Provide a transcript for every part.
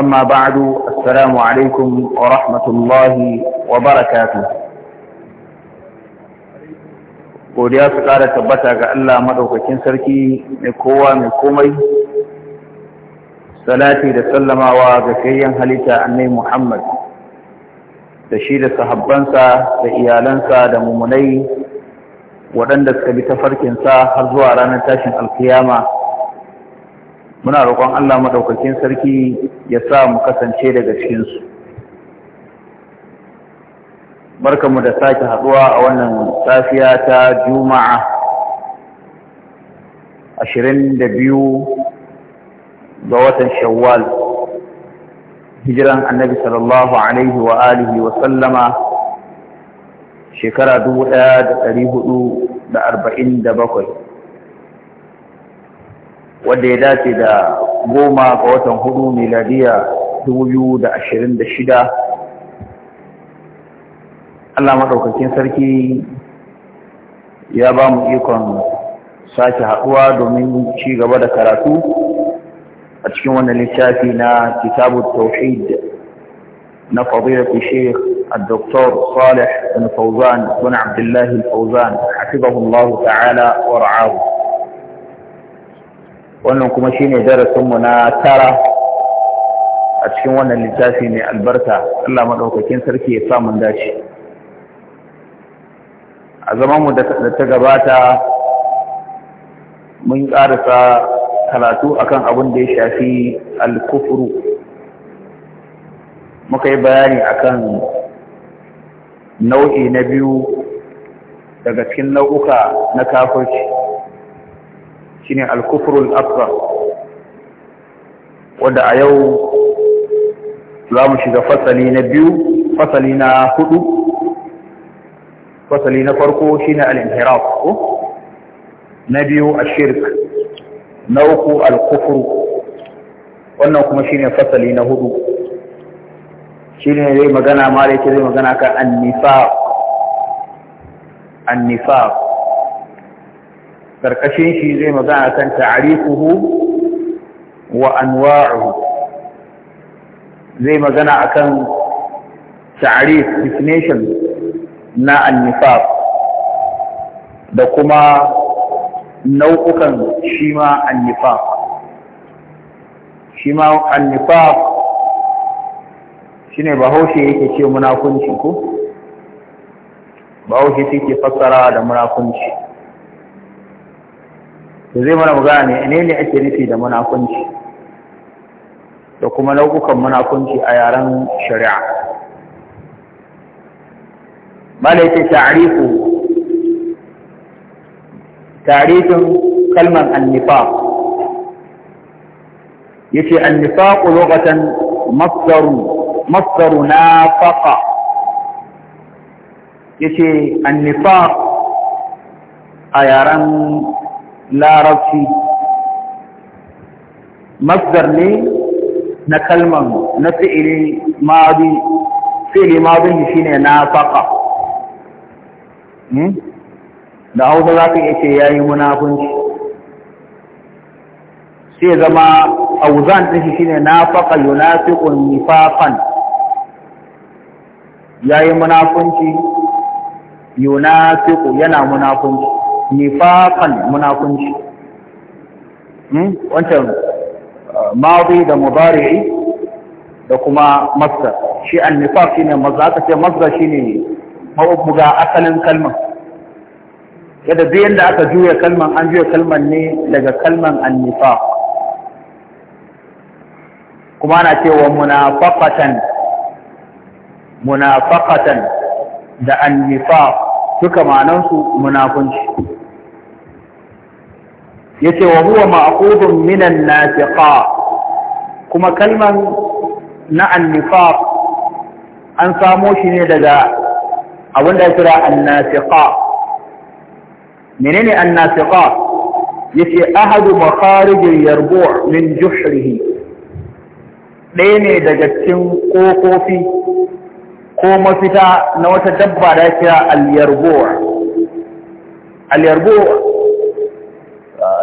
أما بعد السلام عليكم ورحمة الله وبركاته godiya su ƙara tabbata ga Allah maɗaukakin sarki mai kowa mai komai salati da sallamawa ga kayyan halitta annai Muhammad da shi da sahabbansa da iyalansa da mummunai waɗanda suka bi tafarkinsa har zuwa ranar tashin alkiyama muna roƙon Allah maɗaukakin sarki ya sa mu kasance daga cikinsu barkanmu da sake haɗuwa a wannan safiya ta juma'a 22 ga watan shawwal hijiran annabi sallallahu alaihi wa alihi wa sallama shekara 1447 wanda ya dace da goma ga watan hudu miladiya shida. Allah maɗaukakin sarki ya ba mu ikon sake haɗuwa domin ci gaba da karatu a cikin wannan littafi na kitabu tauhid na fadilatu sheikh الدكتور صالح بن فوزان بن عبد الله الفوزان حفظه الله تعالى ورعاه wannan kuma shine darasinmu na tara a cikin wannan littafi mai albarka Allah madaukakin sarki ya sa mun dace a zamanmu da ta gabata mun karasa karatu akan abin da ya shafi alkufuru muka yi bayani akan nau'i na biyu daga cikin nau'uka na kafirci shine al-kufrul akbar wanda a yau za mu shiga fasali na biyu fasali na hudu fasali na farko shine al-inhiraf ko na biyu a shirk na uku al-kufr wannan kuma shi ne fasali na hudu ne zai magana ma zai magana kan an-nifaq karkashin shi zai magana kan ta'arifuhu wa anwa'uhu zai magana akan ta'arif definition na annifaq da kuma nau'ukan shi ma annifaq shi ma annifaq shine bahaushe yake ce munafunci ko bahaushe take fassara da munafunci to zai mana magana ne ne ake nufi da munafunci da kuma nau'ukan munafunci a yaren shari'a malai ce ta'rifu ta'rifin kalman annifaq yace annifaq lughatan masdaru masdaru nafaqa yace annifa a yaren larabci masdar ne na kalman na fi'ili ma'adi fi'ili shi ne na faƙa hmm? da hausa za ka iya ya yi munafunci sai zama auzan ɗin shi ne na faƙa nafaqa nifafan Ya yi munafunci yunafiqu yana munafunci nifakan munafunci hmm? wancan uh, madi da mudari'i da kuma masta shi an shi ne masdar aka ce shi ne ma'ubuga asalin kalmar yadda duk yadda aka juya kalman an juya kalman ne daga kalman nifak kuma ana wa munafakatan, munafakatan da an nifak duka manansu munafunci yace wa huwa ma'qudun minan nafiqa kuma kalman na annifaq an samo shi ne daga abin da kira annafiqa menene annafiqa yace ahadu makharijil yarbu' min juhrihi ɗaya ne daga cikin ƙofofi ko mafita na wata dabba da kira al-yarbu' al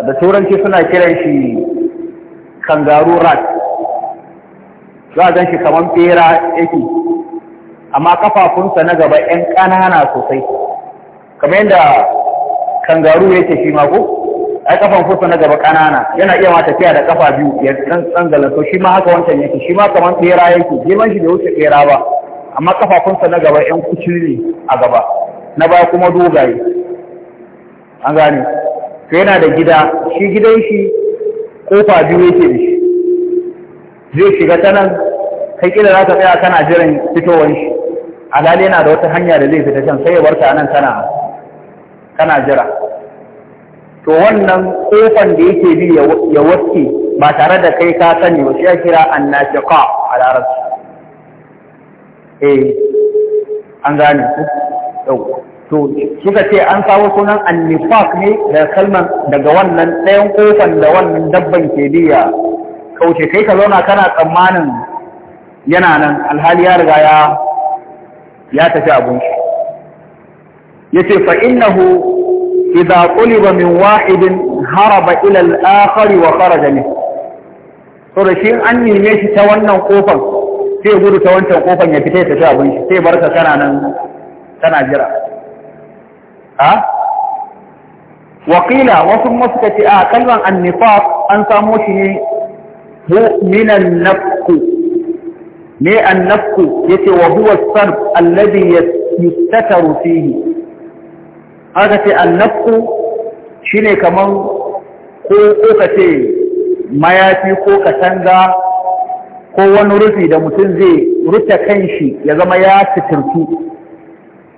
da turanci suna kiran shi kangaroo rat za a shi kamar bera yake amma kafafunsa na gaba 'yan ƙanana sosai kamar yadda kangaroo yake shi mako ai kafan fusa na gaba ƙanana yana iya ma tafiya da kafa biyu ya dan tsangala to shi ma haka wancan yake shi ma kamar bera yake girman shi bai wuce bera ba amma kafafunsa na gaba 'yan kuciri a gaba na baya kuma dogaye an gane to yana da gida shi gidan shi kofa biyu yake da shi zai shiga ta nan kai kila za ka tsaya kana jiran fitowar shi alali yana da wata hanya da zai fita can sai ya ta nan tana kana jira to wannan kofan da yake bi ya waske ba tare da kai ka sani ba shi ya kira annashiqa a larabci eh an gane ku yau to suka ce an kawo sunan annifaq ne daga kalman daga wannan ɗayan kofan da wannan dabban ke biya kauce kai ka zauna kana tsammanin yana nan alhali ya riga ya ya tafi abun shi yace fa innahu idza quliba min wahidin haraba ila al-akhar wa kharaja min to da shi an nime shi ta wannan kofan sai gudu ta wancan kofan ya fita ya tafi abin shi sai barka kana nan kana jira a wakila wasu suka ce a kalban annifaq an samo shi ne mu'minan nafku me annafku yace wa huwa sarf alladhi yustataru fihi haka ce annafku shine kamar ko ko kace mayafi ko katanga ko wani rufi da mutum zai rufe shi ya zama ya fitirtu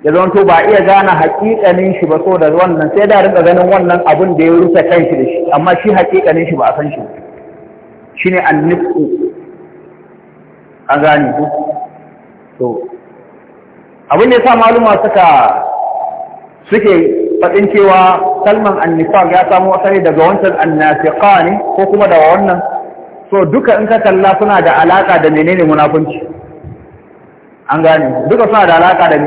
ya zanto ba iya gane hakikanin shi ba so da wannan sai da rinka ganin wannan abin da ya rufe kanshi da shi amma shi hakikanin shi ba a san shi shi ne an gane ku to abin da sa maluma suka suke faɗin cewa an annifaq ya samu asali daga wancan annafiqani ko kuma da wannan so duka in ka kalla suna da alaka da menene munafunci an gane duka suna da alaka da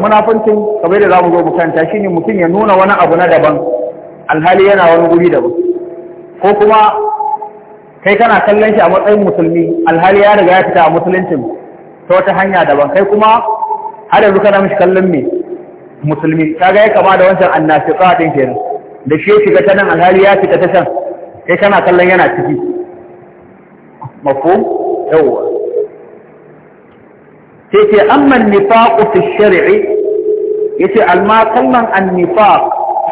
munafuncin kamar da zamu zo mu kanta shine mutum ya nuna wani abu na daban alhali yana wani guri daban ko kuma kai kana kallon shi a matsayin musulmi alhali ya riga ya fita a musuluncin ta wata hanya daban kai kuma har yanzu kana mishi kallon me musulmi kaga ya kama da wancan annafiqa din kenan da shi ya shiga ta nan alhali ya fita ta can kai kana kallon yana ciki mafhum yawwa sai ce amma nifaqu fi shar'i yace alma kallan an nifaq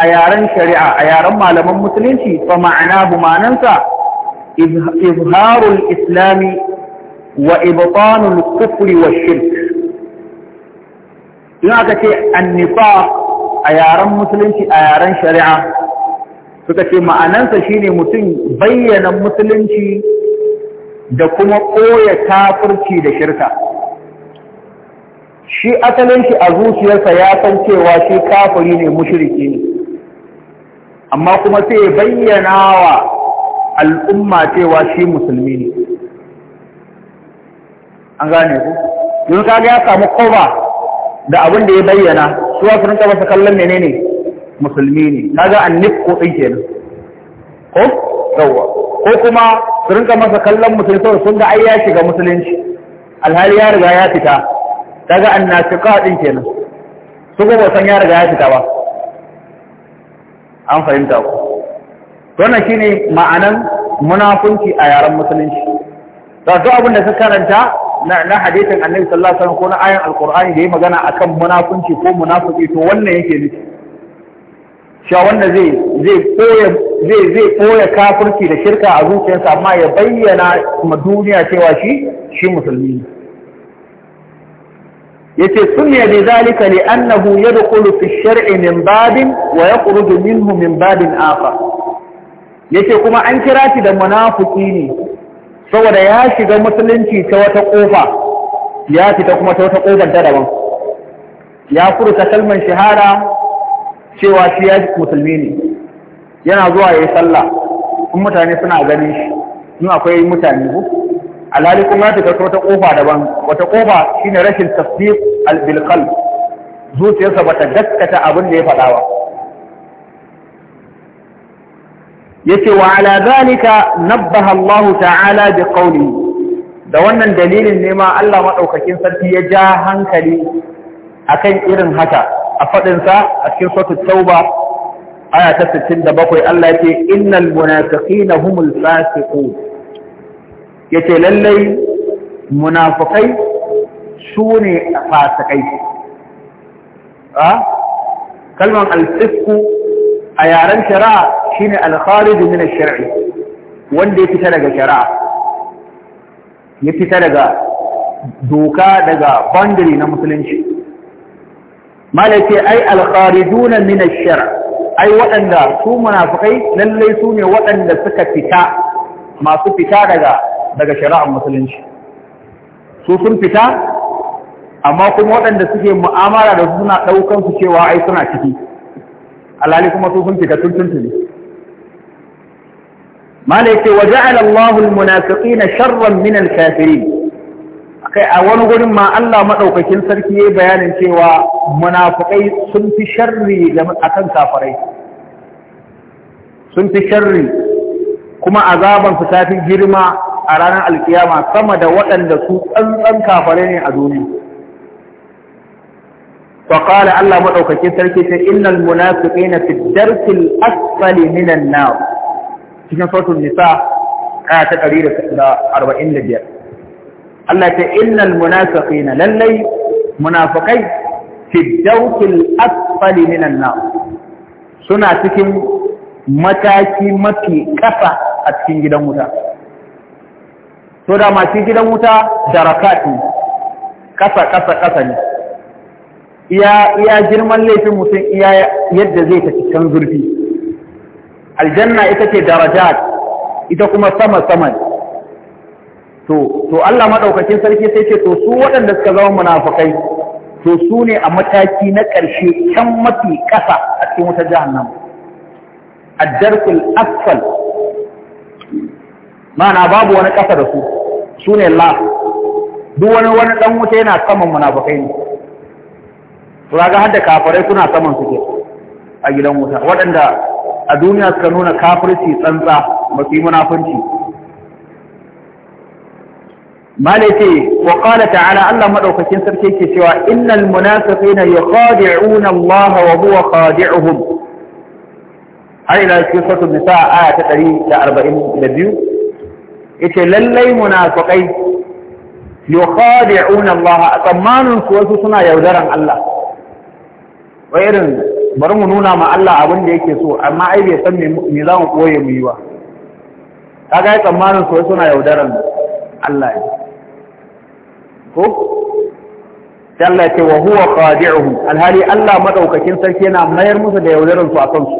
a yaren shari'a a yaren malaman musulunci fa ma'anahu ma'anansa izharul islami wa ibtanul kufri wa shirk in aka ce an nifaq a yaren musulunci a yaren shari'a suka ce ma'anansa shine mutum bayyana musulunci da kuma koya kafirci da shirka shi asalin shi a zuciyarsa ya san cewa shi kafiri ne mushriki ne amma kuma sai bayyana wa al'umma cewa shi musulmi ne an gane ku yanzu kaga ya samu koba da abin da ya bayyana su wasu rinka masa kallon menene musulmi ne kaga annif ko din kenan ko yawa ko kuma su rinka masa kallon musulmi saboda sun ga ai ya shiga musulunci alhali ya riga ya fita daga annashiqa din kenan su ko san ya riga ya fita ba an fahimta ku to wannan shine ma'anan munafunci a yaren musulunci da duk abin da ka karanta na na hadisin Annabi sallallahu alaihi wasallam ko na ayan alqur'ani da yayi magana akan munafunci ko munafiki to wannan yake nufi Sha wanda zai zai koya zai zai koya kafirci da shirka a zuciyarsa amma ya bayyana ma duniya cewa shi shi musulmi ne yace sunya bi zalika li annahu yadkhulu fi shari min babin wa yakhruju minhu min babin akhar yace kuma an kira shi da munafiki ne saboda ya shiga musulunci ta wata kofa ya fita kuma ta wata kofar da daban ya furta kalman shahara cewa shi ya musulmi ne yana zuwa yayi sallah kuma mutane suna ganin shi in akwai mutane ko alhali kuma ta karkar wata kofa daban wata kofa shine rashin tasdiq bil qalb zuciyarsa bata gaskata abin da ya faɗa ba yace wa ala zalika nabbaha Allah ta'ala bi qawli da wannan dalilin ne ma Allah madaukakin sarki ya ja hankali akan irin haka a fadin sa a cikin suratul tauba aya ta 67 Allah yace innal munafiqina humul fasiqun yace lallai munafukai su ne fasikai a kalman alfisku a yaren shari'a shine alkhariju min ash-shar'i wanda ya fita daga shari'a ya fita daga doka daga boundary na musulunci malaka ai alkharijuna na ash ai waɗanda su munafukai lallai su ne waɗanda suka fita masu fita daga daga shari'ar musulunci su sun fita amma kuma waɗanda suke mu'amala da su suna ɗaukan su cewa ai suna ciki alhali kuma su sun fita tun tuntuni malai ce wa ja'ala Allahu al-munafiqina sharran min al-kafirin kai a wani gurin ma Allah madaukakin sarki yayi bayanin cewa munafikai sun fi sharri ga akan kafirai sun fi sharri kuma azaban su tafi girma a ranar alkiyama sama da waɗanda su tsantsan kafare ne a duniya فقال الله مدوكاكي سركي ان المنافقين في الدرك asali من النار cikin suratul nisa aya ta ɗari da da arba'in biyar. Allah ta innal munafiqina lallai munafiqai fi dawkil asfali minan nar suna cikin mataki mafi ƙasa a cikin gidan wuta to da masu gidan wuta da ne ƙasa ƙasa ne iya girman laifin mutum iya yadda zai tafi can zurfi aljanna ita ce daraja. ita kuma sama saman to to Allah madaukakin sarki sai ce to su waɗanda suka zama munafukai, to su ne a mataki na ƙarshe can mafi ƙasa a cikin wutar jahannama ad-darkul asfal mana babu wani ƙasa da su su ne la duk wani wani ɗan wuta yana saman munafukai ne su ga hadda kafirai suna saman suke a gidan wuta waɗanda a duniya suka nuna kafirci tsantsa ba su yi munafunci malaiti wa qala ta'ala Allah madaukakin sarki ke cewa innal munafiqina yukhadi'una Allah wa huwa khadi'uhum har ila cikin suratul nisa aya ta 142 yace lallai munafiqai yukhadi'un Allah tsammanin su wasu suna yaudaran Allah wai irin bari mu nuna ma Allah abin da yake so amma ai bai san me za mu koye mu yi ba kaga tsammanin su wasu suna yaudaran Allah ne ko Allah ce wa huwa qadi'uhum alhali Allah madaukakin sarki yana mayar musu da yaudaran su a kansu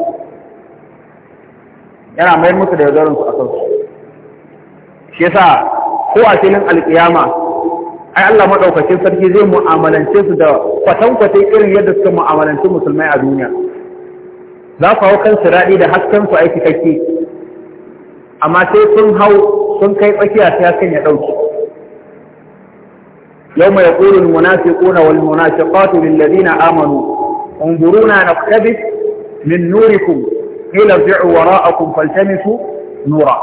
yana mayar musu da yaudaran su a kansu shi yasa ko a filin alkiyama ai Allah madaukakin sarki zai mu'amalance su da kwatankwate irin yadda suka mu'amalanci musulmai a duniya za ku hau kansu daɗi da hasken su aiki kake amma sai sun hau sun kai tsakiya sai hasken ya dauke يوم يقول المنافقون والمنافقات amanu unguruna انظرونا نقتبس من نوركم قيل ارجعوا وراءكم فالتمسوا nura.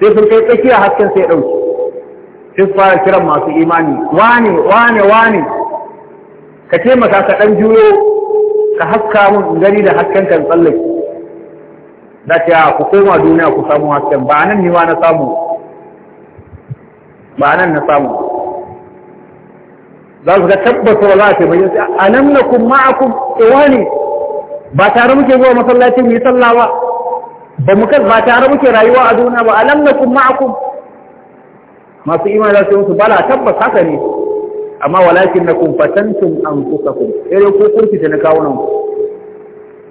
sai sun kai tsakiya hasken sai ɗauki sai su fara kiran masu imani wane wane wane ka taimaka ka ɗan juyo ka haska mun gani da hasken kan tsallake da ta ku koma duniya ku samu hasken ba nan ni ma na samu ba nan na samu za su ga tabbas ba za a taimaki a nan na kun ma'akum iwani eh, ba tare muke zuwa masallacin mu yi sallah ba ba mu kas ba tare muke rayuwa a duniya ba alam nakum ma'akum masu imani za su yi bala tabbas haka ne amma walakin na fatantum anfusakum irin ku kurki da na kawo nan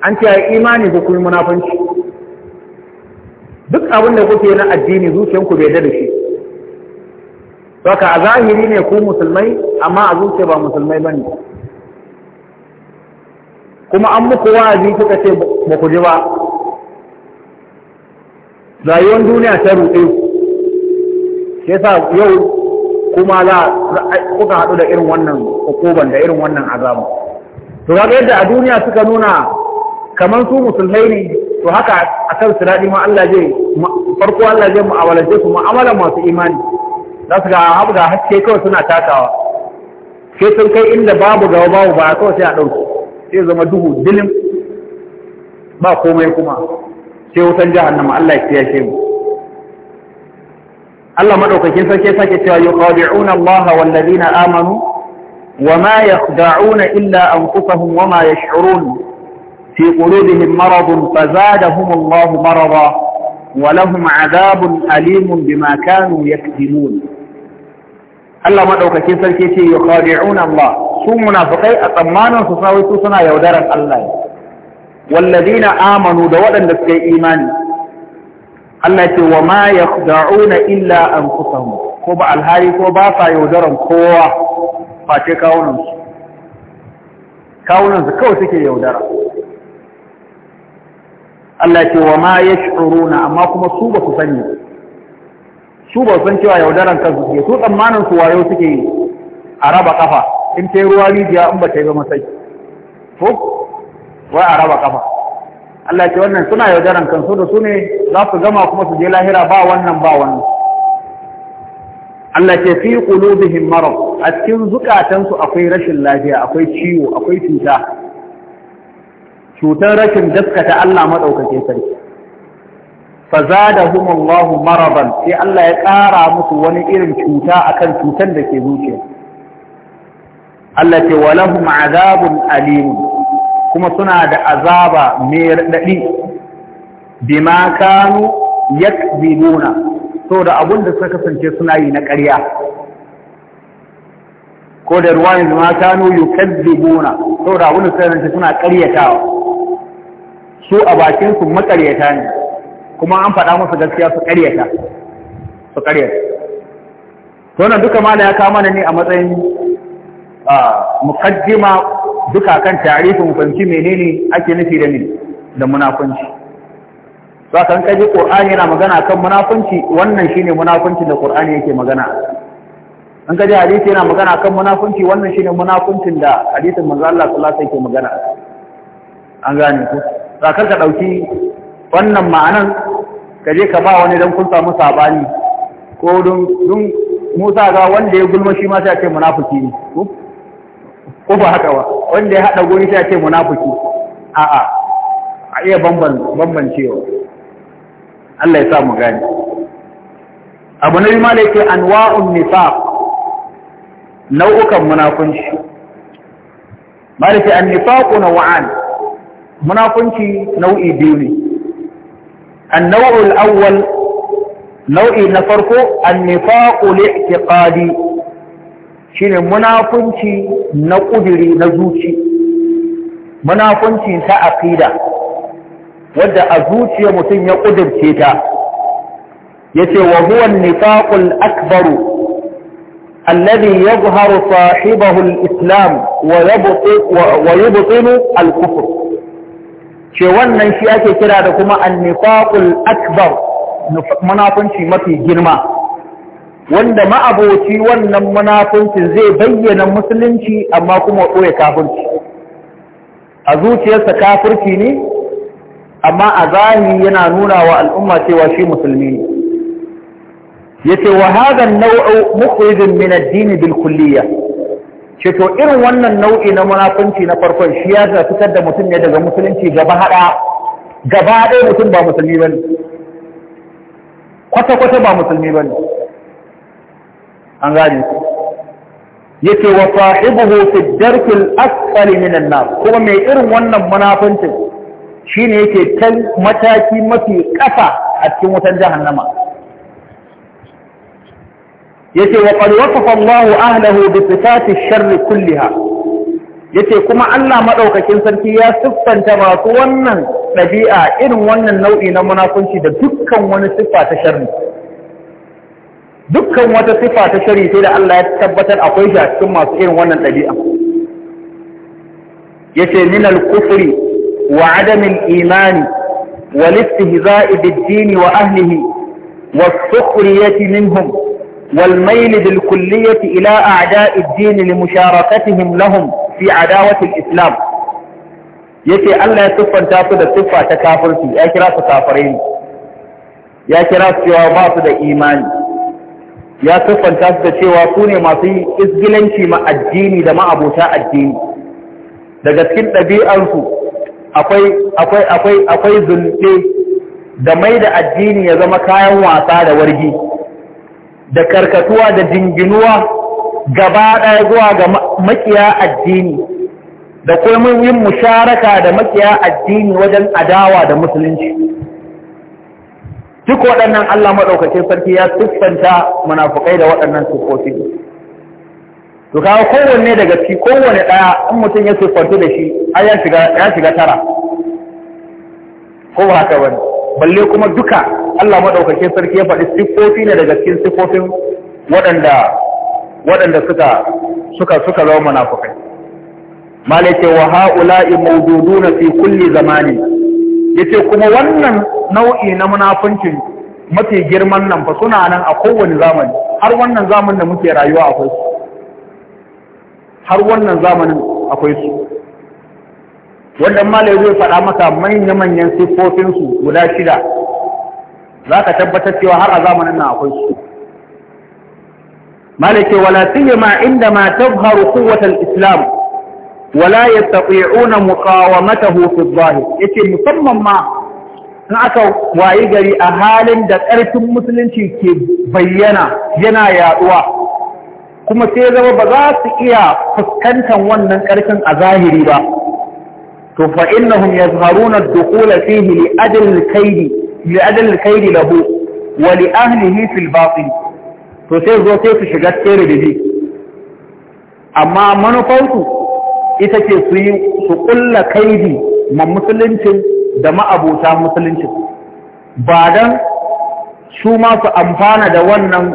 an ce ai imani ko kun munafanci duk abin da kuke na addini zuciyanku bai da shi Saka a zahiri ne ku musulmai amma a zuciya ba musulmai bane kuma an muku wa'azi kuka ce ba ku ji ba rayuwar duniya ta ruɗe sai sa yau kuma za kuka haɗu da irin wannan hukuban da irin wannan azaba to ga yadda a duniya suka nuna kamar su musulmai ne to haka akan siradi ma Allah zai farko Allah zai mu'amalace su mu'amalan masu imani za su ga habu ga haske kawai suna takawa sai sun kai inda babu gaba babu ba kawai sai a ɗauki sai zama duhu dilim ba komai kuma sai wutan jahannama Allah ya kiyashe mu Allah madaukakin sarki sake cewa yuqadi'una Allah wal ladina amanu wama yakhda'una illa anfusahum wama yash'urun fi qulubihim maradun fazadahum Allah marada wa lahum 'adabun alimun bima kanu yaktumun Allah madaukakin sarki ce yuqadi'una Allah su munafiqai a tsammanin su sai su suna yaudaran Allah wallazina amanu da waɗanda suka yi imani Allah ce wa ma yakhda'una illa anfusahum ko ba alhari ko ba sa yaudaran kowa face kawunan su kawunan su kawai suke yaudara Allah ce wa ma yash'uruna amma kuma su ba su sani su ba san cewa yaudaran kansu suke su tsammanin su wayo suke yi a raba kafa in ta yi ruwa rijiya in ba ta yi ba masai ko wai a raba kafa Allah ce wannan suna yaudaran kansu da su ne za su gama kuma su je lahira ba wannan ba wannan Allah ce fi qulubihim marad a cikin zukatansu akwai rashin lafiya akwai ciwo akwai cuta cutar rashin daskata Allah madaukake sarki fazadahum Allah maradan sai Allah ya ƙara musu wani irin cuta akan cutar da ke zuciya Allah ce walahum azabun alim kuma suna da azaba mai raɗaɗi bima kanu yakzibuna saboda abun da suka kasance suna yi na ƙarya ko da ruwa yanzu ma kanu yukazzibuna saboda abun da suka kasance suna ƙaryatawa su a bakin su makaryata ne kuma an faɗa musu gaskiya su ƙaryata su ƙaryata to nan duka mala ya kama ne a matsayin ah, mukaddima duka kan tarihin fahimci menene ake nufi da ni da munafunci to kan kaji qur'ani yana magana kan munafunci wannan shine munafunci da qur'ani yake magana an kaji hadisi yana magana kan munafunci wannan shine munafuncin da hadisin manzo Allah sallallahu alaihi wasallam yake magana an gane ku to kar ka dauki wannan ma'anan kaje ka ba wani dan kun samu sabani ko don Musa ga wanda ya gulma shi ma sai ya ce munafiki ne ko ba haka ba wanda ya hada guri sai ce munafiki a'a a iya bambancewa Allah ya sa mu gani abu na ma yake anwa'un nifaq nau'ukan munafunci malaki an na wa'an munafunci nau'i biyu ne an-naw'u al-awwal nau'i na farko an nifaq li'tiqadi shine munafunci na ƙudiri na zuci munafunci ta aqida wadda a zuciya mutum ya ƙudirce ta yace wa huwa an-nifaqul akbaru alladhi yadhharu sahibahu al-islam wa yubtilu al-kufr ce wannan shi ake kira da kuma an-nifaqul akbar munafunci mafi girma wanda ma'aboci wannan munafuncin zai bayyana musulunci amma kuma ɓoye kafirci a zuciyarsa kafirci ne amma a zahiri yana nuna wa al'umma cewa shi musulmi ne yace wa hadan nau'u mukhrijun min ad bil kulliya ce to irin wannan nau'i na munafunci na farkon shi ya da fitar da mutum ne daga musulunci gaba hada gaba ɗaya mutum ba musulmi bane kwata kwata ba musulmi bane an gane su yake wa sahibuhu fi darkil asfali minan nar kuma mai irin wannan munafincin shine yake kan mataki mafi kafa a cikin wutan jahannama yace wa qad wasafa Allahu ahlihi bi sifati ash-sharr kulliha yace kuma Allah madaukakin sarki ya siffanta masu wannan dabi'a irin wannan nau'i na munafunci da dukkan wani siffa ta sharri dukkan wata sifa ta shari sai da Allah ya tabbatar akwai shi a cikin masu irin wannan ɗabi'a yace min al-kufri wa adam imani wal istihza'i bid wa ahlihi was sukhriyati minhum wal mayl bil kulliyati ila a'da'i ad-din li musharakatihim lahum fi adawati al-islam yace Allah ya siffanta su da siffa ta kafirci ya kira su kafirai ya kira su cewa ba su da imani ya siffanta su da cewa su ne masu yi izgilanci ma addini da ma'abota addini daga cikin ɗabi'arsu akwai akwai zulɗe da mai da addini ya zama kayan wasa da wargi da karkatuwa da jinginuwa gaba ɗaya zuwa ga makiya addini da kuma yin musharaka da makiya addini wajen adawa da musulunci duk waɗannan Allah maɗaukacin sarki ya siffanta munafukai da waɗannan siffofi to kawo kowanne daga ci kowanne ɗaya in mutum ya siffantu da shi ai ya shiga tara ko ba haka bane balle kuma duka Allah maɗaukacin sarki ya faɗi siffofi ne daga cikin siffofin waɗanda waɗanda suka suka suka zama munafukai malai wa ha'ula'i mawduduna fi kulli zamani yace kuma wannan nau'i na munafincin mafi girman nan fa suna nan a kowane zamani har wannan zamanin da muke rayuwa akwai su har wannan zamanin akwai su wannan malai zai faɗa maka manya-manyan siffofinsu guda shida za ka tabbatar cewa har a zamanin nan akwai su malai ke wala siyama inda ma tabharu kowatan islam wala yastati'una muqawamatahu fi adh yace musamman ma in aka wayi gari a halin da ƙarfin musulunci ke bayyana yana yaduwa kuma sai zama ba za su iya fuskantar wannan ƙarfin a zahiri ba to fa innahum yazharuna ad-dukhul fihi li ajli al-kayd li wa ahlihi fil batil to sai zo sai su shiga tere da bi amma manufarsu ita ce su yi su kulla kaidi ma musuluncin da ma'abuta musuluncin ba don su ma su amfana da wannan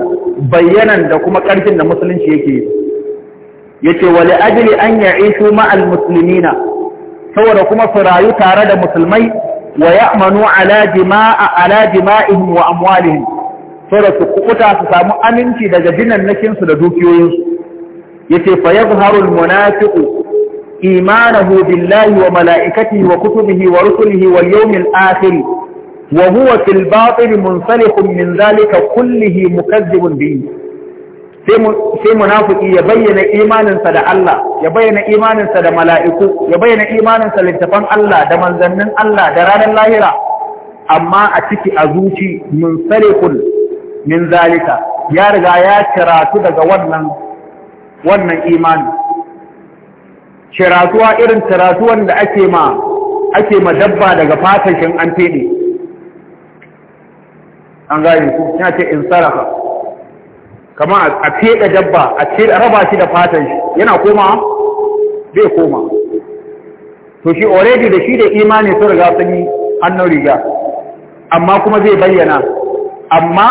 bayyanan da kuma ƙarfin da musulunci yake yi Ya ce wale ajili an su ma'al na saboda kuma su rayu tare da musulmai wa ya manu jima'a wa amwalihim saboda su kukuta su samu aminci daga dinannakin nakinsu da dukiyoyinsu yace fa yadhharu munafiqu إيمانه بالله وملائكته وكتبه ورسله واليوم الآخر وهو في الباطل منسلخ من ذلك كله مكذب به sai munafiki ya bayyana imaninsa da Allah ya bayyana imaninsa da mala'iku ya bayyana imaninsa littafan Allah da manzannin Allah da ranar lahira amma a ciki a zuci min sarikul min zalika ya riga ya karatu daga wannan wannan imani ciratuwa irin ciratuwan da ake ma ake ma dabba daga fatashin an fede an gane ku ya ce in sarafa kama a fede dabba a raba shi da fatan shi yana koma zai koma to shi already da shi da imani sun riga sun yi hannun riga amma kuma zai bayyana amma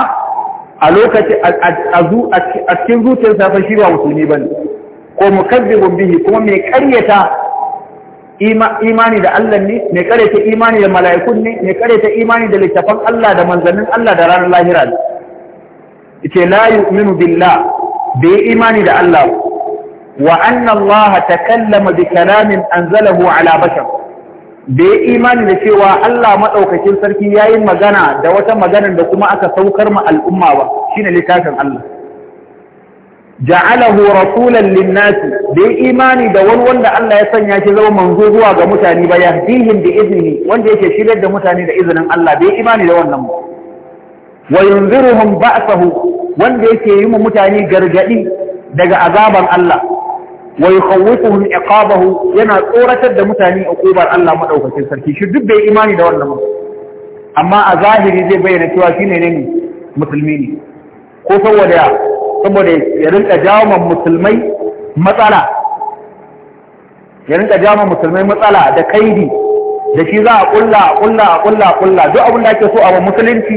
a lokaci a cikin zuciyarsa safin shi ba musulmi bane ko mukazzibun bihi kuma mai karyata imani da Allah ne mai karyata imani da mala'ikun ne mai karyata imani da littafan Allah da manzannin Allah da ranar lahira ne yace la yu'minu billah bai imani da Allah wa anna Allah takallama bi kalamin anzalahu ala bashar bai imani da cewa Allah madaukakin sarki yayin magana da wata magana da kuma aka saukar ma al'umma ba shine littafin Allah ja'alahu rasulan linnasi bai imani da wani wanda Allah ya sanya shi zama manzo zuwa ga mutane ba yahdihim bi izini wanda yake shirar da mutane da izinin Allah bai imani da wannan wa yunziruhum ba'sahu wanda yake yi wa mutane gargadi daga azaban Allah wa yukhawwifuhum iqabahu yana tsoratar da mutane uqubar Allah madaukakin sarki shi duk bai imani da wannan amma a zahiri zai bayyana cewa shine ne musulmi ne ko saboda saboda ya rinka jawo musulmai matsala ya rinka jawo musulmai matsala da kaidi da shi za a kulla a kulla a kulla a kulla duk abin da ake so a musulunci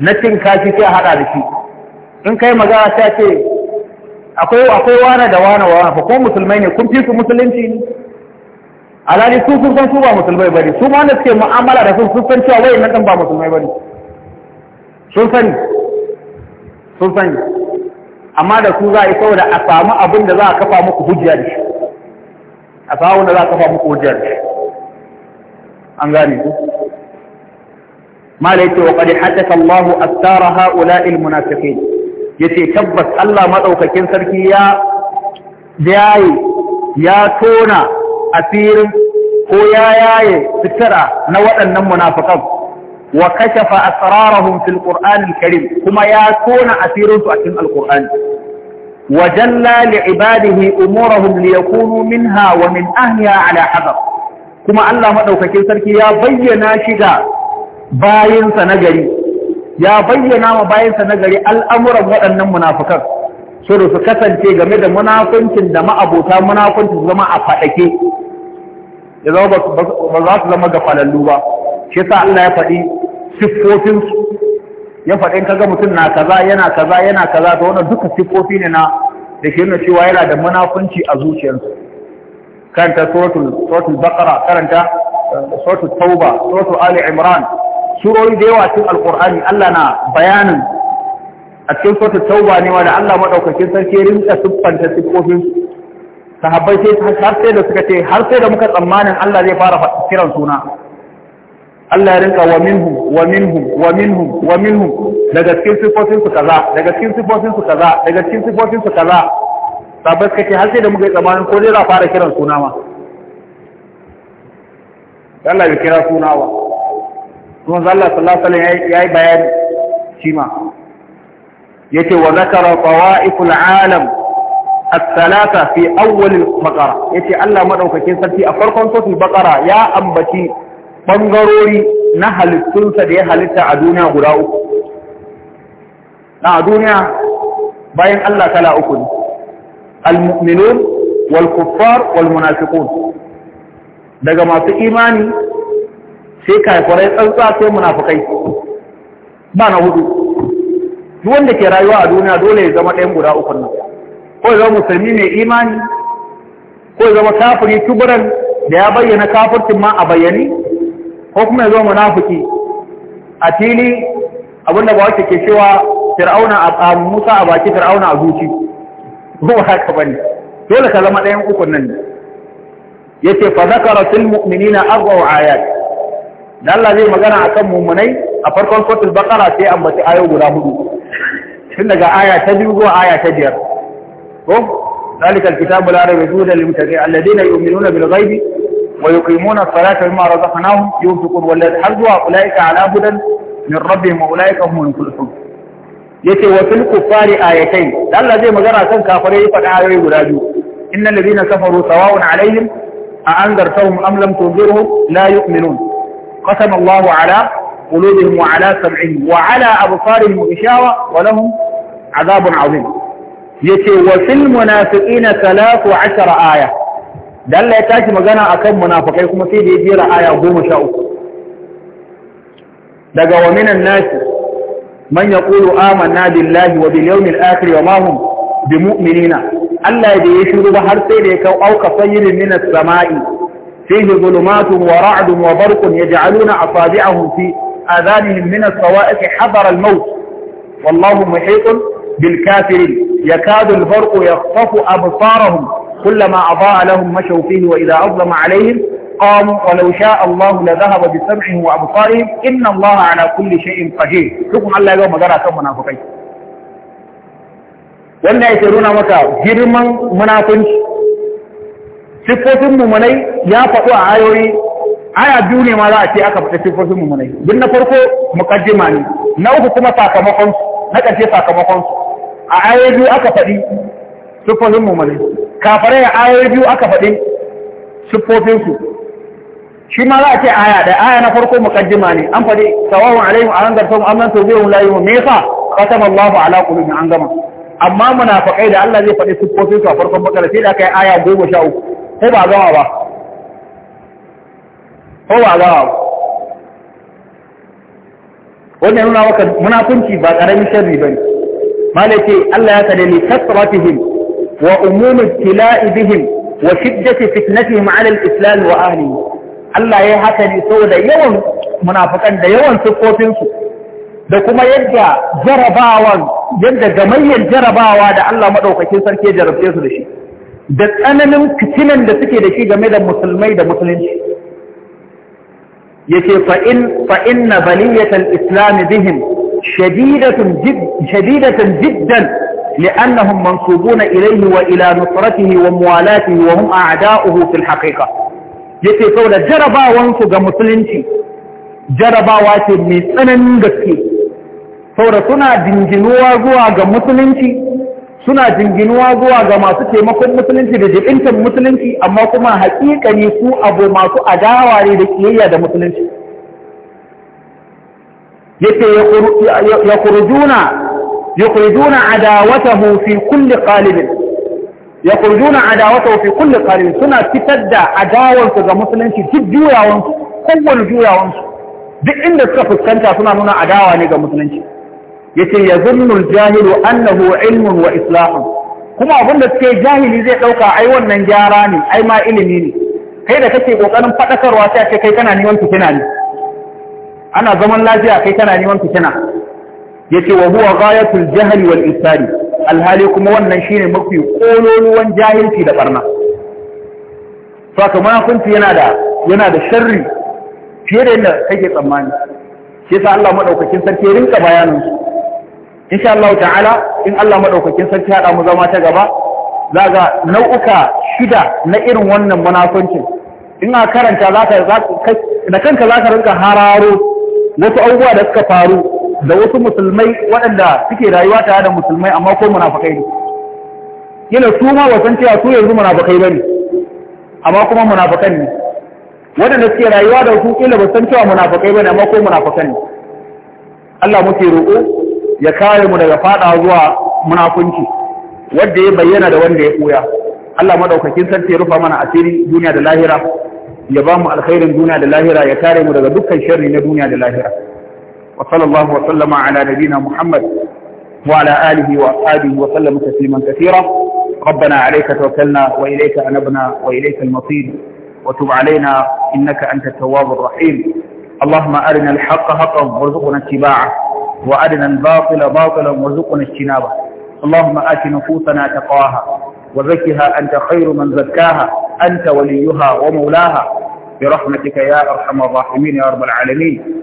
na cin kashi sai a hada da shi in kai magana ta ce akwai akwai wane da wane wane fa ko musulmai ne kun fi su musulunci ne alali su sun san su ba musulmai bane su ma wanda suke mu'amala da su sun san cewa wayannan dan ba musulmai bane sun sani sun sani amma da ku za a yi saboda a samu abin da za a kafa muku hujja da shi a samu da za a kafa muku hujja da shi an gane ku mala yace wa qad hadatha Allah astara haula'i almunafiqin yace tabbas Allah maɗaukakin sarki ya yayi ya tona asirin ko ya yaye fitara na waɗannan munafikan wa kashafa asrarahum fil al karim kuma ya tona asirin su a cikin alqur'ani wa jalla li ibadihi umurahum li yakunu minha wa min ahliha ala hadar kuma Allah madaukakin sarki ya bayyana shi ga bayinsa nagari, ya bayyana ma bayinsa nagari al'amuran waɗannan munafikan so da su kasance game da munafuncin da ma'abota munafuncin zama a faɗake ya zama ba za su zama ga falallu ba shi sa Allah ya faɗi siffofinsu ya faɗin kaga mutum na kaza yana kaza yana kaza ta wannan duka siffofi ne na da ke nuna cewa yana da munafunci a zuciyarsu karanta suratul suratul baqara karanta eh, suratul tauba suratul ali imran surori da yawa cikin alqur'ani Allah na bayanin a cikin suratul tauba ne wanda Allah madaukakin sarki rinka siffanta siffofin sahabbai sai har sai da suka ce har sai da muka tsammanin Allah zai fara kiran suna Allah ya rinka wa minhum wa minhum wa minhum wa minhum daga cikin sifofin su kaza daga cikin sifofin su kaza daga cikin sifofin su kaza tabbas kake har sai da muka yi tsamanin ko dai za fara kiran suna ma Allah ya kira suna wa kuma Allah sallallahu alaihi wasallam yayi bayani shi ma yake wa zakara fawaiful alam الثلاثة في أول البقرة يتي الله مدعوك كين سلتي أفرقون صوت البقرة يا أنبتي ɓangarori na halittunsa da ya halitta a duniya guda uku na duniya bayan Allah kala uku ne al-mu'minun wal kuffar wal munafiqun daga masu imani sai kafirai tsantsa sai munafukai, ba na hudu duk wanda ke rayuwa a duniya dole ya zama ɗayan guda uku nan ko ya zama musulmi mai imani ko ya zama kafiri tuburan da ya bayyana kafircin ma a bayyane ko kuma ya zo munafiki a fili abinda ba wacce ke cewa fir'auna a musa a baki fir'auna a zuci ko ba haka bane dole ka zama ɗayan ukun nan yace fa zakara fil mu'minina arba'u ayat dan Allah zai magana akan mu'minai a farkon suratul baqara sai ambaci ayo guda hudu tun daga aya ta biyu zuwa aya ta biyar ko ذلك الكتاب لا ريب فيه هدى للمتقين الذين يؤمنون بالغيب wa yuqimuna as-salata mimma razaqnahum yunfiqun wallazi har zuwa ulaika ala hudan min rabbihim wa ulaika humul muflihun yace wa fil kufari ayatayn Allah zai magana kan kafirai ya faɗa ayoyi guda biyu innal ladina kafaru sawa'un alaihim a anzartahum am lam tunzirhum la yu'minun qasama Allahu ala qulubihim wa ala sam'ihim wa ala absarihim ishawa yace wa fil munafiqina 13 aya da Allah ya tashi magana akan munafakai kuma sai da ya jera aya uku daga wa minan nasi man yaqulu amanna billahi wa bil akhir wa ma hum Allah da ya shiru ba har sai da ya kau auka sayyirin min as-sama'i fihi dhulumatun wa ra'dun wa barqun yaj'aluna asabi'ahum fi adhanihim min as-sawa'iq hadara al-maut wallahu muhitun bil kafirin yakadu al-barqu yakhtafu absarahum كلما أضاء لهم مشوا فيه وإذا أظلم عليهم قاموا ولو شاء الله لذهب بسمعهم وأبصارهم إن الله على كل شيء قدير شكرا الله يوم جرى كم منافقين wanda ya nuna maka girman munafunci siffofin mummunai ya faɗo a ayoyi aya biyu ne ma za a ce aka fita siffofin mummunai din na farko mukaddima ne na uku kuma sakamakon na ƙarshe sakamakon a ayoyi biyu aka faɗi siffofin mummunai kafirai a ayoyi biyu aka faɗi siffofinsu shi ma za a ce aya da aya na farko mukaddima ne an faɗi sawawun alaihim a hangar sau amman to zai wula yi mu mefa katama Allah ala qulubihim an gama amma munafiqai da Allah zai faɗi siffofinsu a farkon bakara sai da aka yi aya goma sha uku ko ba gama ba ko ba gama ba wannan nuna maka munafunci ba karamin sharri bane malai ce Allah ya ba ni kasratihim Wa وأموم ابتلاء بهم وشدة فتنتهم على الإسلام وأهله Allah ya haka ne saboda yawan munafukan da yawan siffofinsu da kuma yadda jarabawan yadda gamayyar jarabawa da Allah maɗaukakin sarki jarabce su da shi da tsananin fitilan da suke da shi game da musulmai da musulunci Ya ce fa'in na baliyatar islami bihim shadidatan jiddan لأنهم منصوبون إليه وإلى نصرته وموالاته وهم أعداؤه في الحقيقة yake saboda jarabawansu ga musulunci jarabawa ce mai tsananin gaske saboda suna dinginuwa zuwa ga musulunci suna dinginuwa zuwa ga masu taimakon musulunci da jibintar musulunci amma kuma haƙiƙani su abu masu adawa ne da kiyayya da musulunci yake ya kurujuna يخرجون عداوته في كل قالب يخرجون عداوته في كل قالب سنة تتدى عداوته ذا مسلم جد جوياون duk inda suka fuskanta suna nuna adawa ne ga musulunci yace yazunnu al-jahilu annahu ilmun wa islahun kuma abinda suke jahili zai ɗauka ai wannan gyara ne ai ma ilimi ne kai da kake kokarin fadakarwa sai kai kana neman fitina ne ana zaman lafiya kai kana neman fitina yace wa huwa ghayatul jahli wal isari alhali kuma wannan shine mafi kololuwan jahilci da barna saka munafunci yana da yana da sharri fiye da yadda kake tsammani shi yasa Allah madaukakin sarki ya rinka bayanin su insha Allah ta'ala in Allah madaukakin sarki hada mu zama ta gaba za ga nau'uka shida na irin wannan munafuncin in a karanta zaka da kanka ka rinka hararo wasu abubuwa da suka faru da wasu musulmai waɗanda suke rayuwa tare da musulmai amma ko munafakai ne yana su ma wasan cewa su yanzu munafakai bane amma kuma munafakan ne waɗanda suke rayuwa da su kila ba san cewa munafakai bane amma ko munafakan ne Allah muke roƙo ya kare mu daga fada zuwa munafunci wanda ya bayyana da wanda ya koya Allah madaukakin sarki ya rufa mana asiri duniya da lahira ya ba mu alkhairin duniya da lahira ya kare mu daga dukkan sharri na duniya da lahira وصلى الله وسلم على نبينا محمد وعلى آله وأصحابه وسلم تسليما كثيرا ربنا عليك توكلنا وإليك أنبنا وإليك المصير وتب علينا إنك أنت التواب الرحيم اللهم أرنا الحق حقا وارزقنا اتباعه وأرنا الباطل باطلا وارزقنا اجتنابه اللهم آت نفوسنا تقواها وزكها أنت خير من زكاها أنت وليها ومولاها برحمتك يا أرحم الراحمين يا رب العالمين